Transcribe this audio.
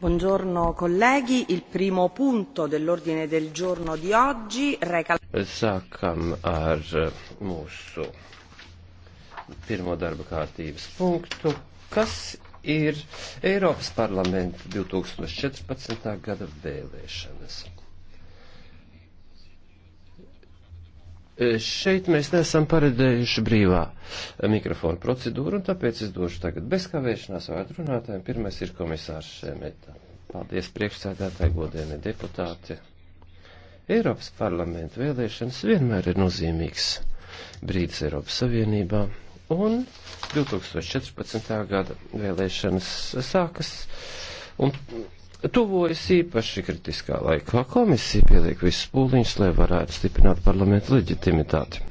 Buongiorno colleghi, il primo punto dell'ordine del giorno di oggi reca... Sākam ar eh, mūsu pirmo darba kārtības punktu, kas ir Eiropas parlamenta 2014. gada vēlēšanas. Šeit mēs neesam paredzējuši brīvā mikrofona procedūru, un tāpēc es došu tagad bez kavēšanās vārdu runātājiem. Pirmais ir komisārs Šemeta. Paldies priekšsēdētāji, godienie deputāti. Eiropas parlamenta vēlēšanas vienmēr ir nozīmīgs brīdis Eiropas Savienībā, un 2014. gada vēlēšanas sākas un tuvojas īpaši kritiskā laikā. Komisija pieliek visus pūliņus, lai varētu stiprināt parlamentu leģitimitāti.